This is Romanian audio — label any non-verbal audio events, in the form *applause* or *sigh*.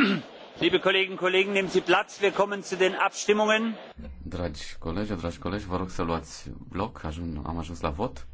*clears throat* Liebe Kolleginnen und Kollegen, nehmen Sie Platz. Wir kommen zu den Abstimmungen. Dragi colegi, dragi colegi, vă rog să luați bloc. Ajung, am ajuns la vot.